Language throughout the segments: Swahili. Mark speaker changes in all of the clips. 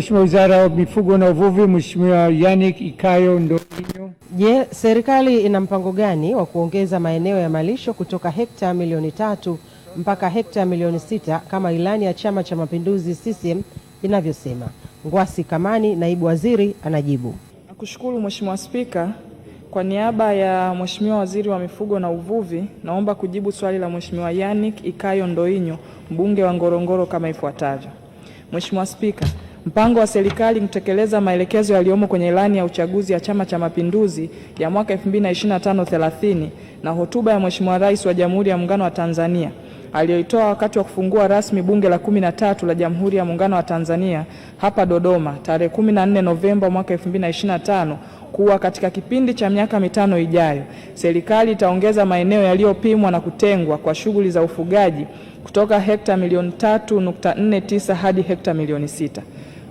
Speaker 1: Mheshimiwa Wizara wa Mifugo na Uvuvi, Mheshimiwa Yannick Ikayo Ndonginyo.
Speaker 2: Je, yeah, serikali ina mpango gani wa kuongeza maeneo ya malisho kutoka hekta milioni tatu mpaka hekta milioni sita kama ilani ya Chama cha Mapinduzi CCM inavyosema? Ngwasi Kamani, naibu waziri, anajibu.
Speaker 3: Nakushukuru Mheshimiwa Spika. Kwa niaba ya Mheshimiwa Waziri wa Mifugo na Uvuvi, naomba kujibu swali la Mheshimiwa Yannick Ikayo Ndoinyo, mbunge wa Ngorongoro kama ifuatavyo. Mheshimiwa Spika, Mpango wa serikali kutekeleza maelekezo yaliyomo kwenye ilani ya uchaguzi ya Chama cha Mapinduzi ya mwaka 2025-30 na hotuba ya Mheshimiwa Rais wa Jamhuri ya Muungano wa Tanzania aliyoitoa wakati wa kufungua rasmi Bunge la 13 la Jamhuri ya Muungano wa Tanzania hapa Dodoma tarehe 14 Novemba mwaka 2025 kuwa katika kipindi cha miaka mitano ijayo serikali itaongeza maeneo yaliyopimwa na kutengwa kwa shughuli za ufugaji kutoka hekta milioni 3.49 hadi hekta milioni 6.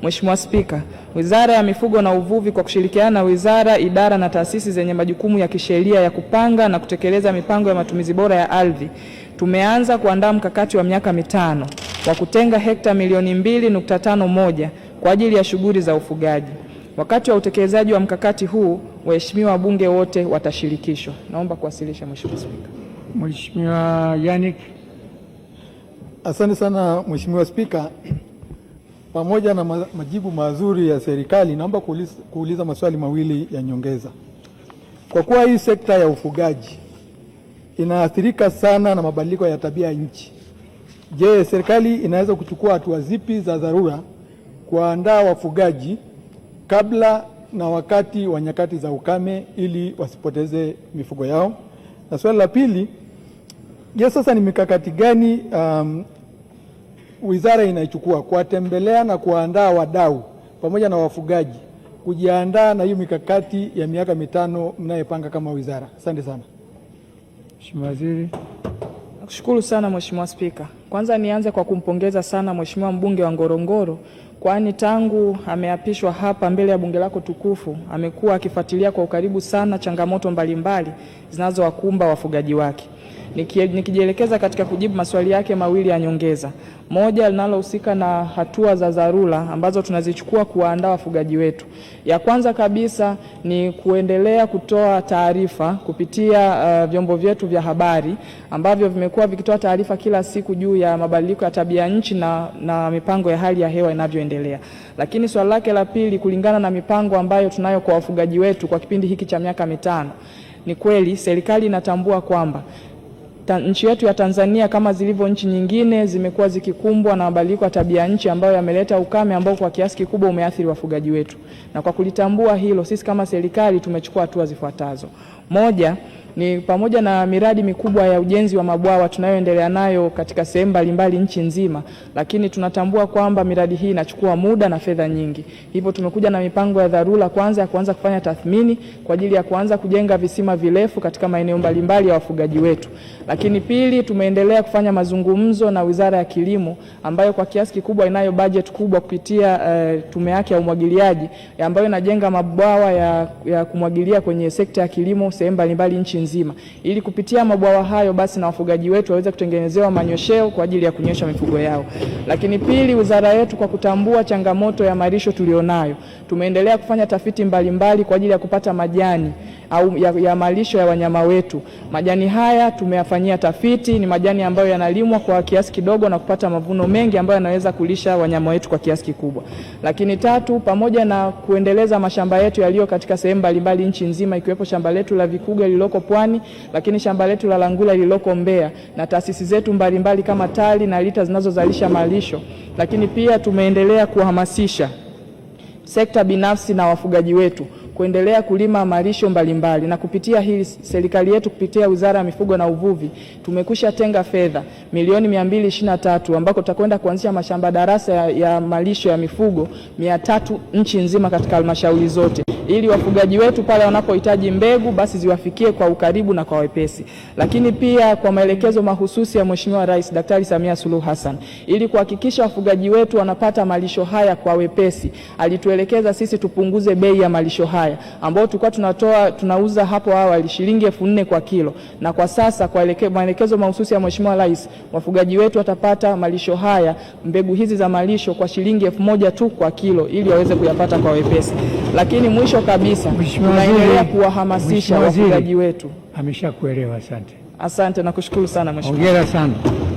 Speaker 3: Mheshimiwa Spika, Wizara ya Mifugo na Uvuvi kwa kushirikiana na wizara, idara na taasisi zenye majukumu ya kisheria ya kupanga na kutekeleza mipango ya matumizi bora ya ardhi tumeanza kuandaa mkakati wa miaka mitano wa kutenga hekta milioni 2.51 kwa ajili ya shughuli za ufugaji. Wakati wa utekelezaji wa mkakati huu, waheshimiwa wabunge wote watashirikishwa. Naomba kuwasilisha Mheshimiwa Spika.
Speaker 1: Mheshimiwa Yannick
Speaker 4: Asante sana Mheshimiwa Spika, pamoja na majibu mazuri ya serikali, naomba kuuliza, kuuliza maswali mawili ya nyongeza. Kwa kuwa hii sekta ya ufugaji inaathirika sana na mabadiliko ya tabia ya nchi, je, serikali inaweza kuchukua hatua zipi za dharura kuandaa wafugaji kabla na wakati wa nyakati za ukame ili wasipoteze mifugo yao? Na swali la pili, je, sasa ni mikakati gani um, wizara inaichukua kuwatembelea na kuwaandaa wadau pamoja na wafugaji kujiandaa na hiyo mikakati ya miaka mitano mnayopanga kama wizara. Asante sana
Speaker 1: Mheshimiwa Waziri.
Speaker 3: Nakushukuru sana Mheshimiwa Spika. Kwanza nianze kwa kumpongeza sana Mheshimiwa mbunge wa Ngorongoro kwani tangu ameapishwa hapa mbele ya bunge lako tukufu amekuwa akifuatilia kwa ukaribu sana changamoto mbalimbali zinazowakumba wafugaji wake nikijielekeza katika kujibu maswali yake mawili ya nyongeza, moja linalohusika na hatua za dharura ambazo tunazichukua kuwaandaa wafugaji wetu. Ya kwanza kabisa ni kuendelea kutoa taarifa kupitia uh, vyombo vyetu vya habari ambavyo vimekuwa vikitoa taarifa kila siku juu ya mabadiliko ya tabia nchi na, na mipango ya hali ya hewa inavyoendelea. Lakini swali lake la pili, kulingana na mipango ambayo tunayo kwa wafugaji wetu kwa kipindi hiki cha miaka mitano, ni kweli serikali inatambua kwamba nchi yetu ya Tanzania kama zilivyo nchi nyingine zimekuwa zikikumbwa na mabadiliko ya tabia nchi ambayo yameleta ukame ambao kwa kiasi kikubwa umeathiri wafugaji wetu, na kwa kulitambua hilo, sisi kama serikali tumechukua hatua zifuatazo. Moja ni pamoja na miradi mikubwa ya ujenzi wa mabwawa tunayoendelea nayo katika sehemu mbalimbali nchi nzima, lakini tunatambua kwamba miradi hii inachukua muda na fedha nyingi. Hivyo tumekuja na mipango ya dharura kwanza ya kuanza kufanya tathmini kwa ajili ya kuanza kujenga visima virefu katika maeneo mbalimbali ya wafugaji wetu. Lakini pili, tumeendelea kufanya mazungumzo na Wizara ya Kilimo ambayo kwa kiasi kikubwa inayo budget kubwa kupitia uh, tume yake ya umwagiliaji ambayo inajenga mabwawa ya, ya kumwagilia kwenye sekta ya kilimo sehemu mbalimbali nchi nzima, ili kupitia mabwawa hayo basi na wafugaji wetu waweze kutengenezewa manyosheo kwa ajili ya kunyosha mifugo yao. Lakini pili, wizara yetu kwa kutambua changamoto ya malisho tulionayo, tumeendelea kufanya tafiti mbalimbali mbali kwa ajili ya kupata majani au ya, ya malisho ya wanyama wetu. Majani haya tumeyafanyia tafiti, ni majani ambayo yanalimwa kwa kiasi kidogo na kupata mavuno mengi ambayo yanaweza kulisha wanyama wetu kwa kiasi kikubwa. Lakini tatu, pamoja na kuendeleza mashamba yetu yaliyo katika sehemu mbalimbali nchi nzima ikiwepo shamba letu la Vikuga lililoko Pwani, lakini shamba letu la Langula lililoko Mbeya na taasisi zetu mbalimbali kama TARI na LITA zinazozalisha malisho. Lakini pia tumeendelea kuhamasisha sekta binafsi na wafugaji wetu kuendelea kulima malisho mbalimbali na kupitia hili serikali yetu kupitia Wizara ya Mifugo na Uvuvi tumekusha tenga fedha milioni 223 ambako tutakwenda kuanzisha mashamba darasa ya, ya malisho ya mifugo 300 nchi nzima katika halmashauri zote ili wafugaji wetu pale wanapohitaji mbegu basi ziwafikie kwa ukaribu na kwa wepesi, lakini pia kwa maelekezo mahususi ya Mheshimiwa Rais Daktari Samia Suluhu Hassan ili kuhakikisha wafugaji wetu wanapata malisho haya kwa wepesi, alituelekeza sisi tupunguze bei ya malisho haya ambayo tulikuwa tunatoa tunauza hapo awali shilingi elfu nne kwa kilo, na kwa sasa kwa maelekezo mahususi ya Mheshimiwa Rais wafugaji wetu watapata malisho haya, mbegu hizi za malisho kwa shilingi elfu moja tu kwa kilo ili waweze kuyapata kwa wepesi, lakini mwisho mwisho kabisa,
Speaker 1: tunaendelea
Speaker 3: kuwahamasisha wafugaji wetu.
Speaker 1: Ameshakuelewa. Asante,
Speaker 3: asante, nakushukuru sana mheshimiwa.
Speaker 1: Hongera sana.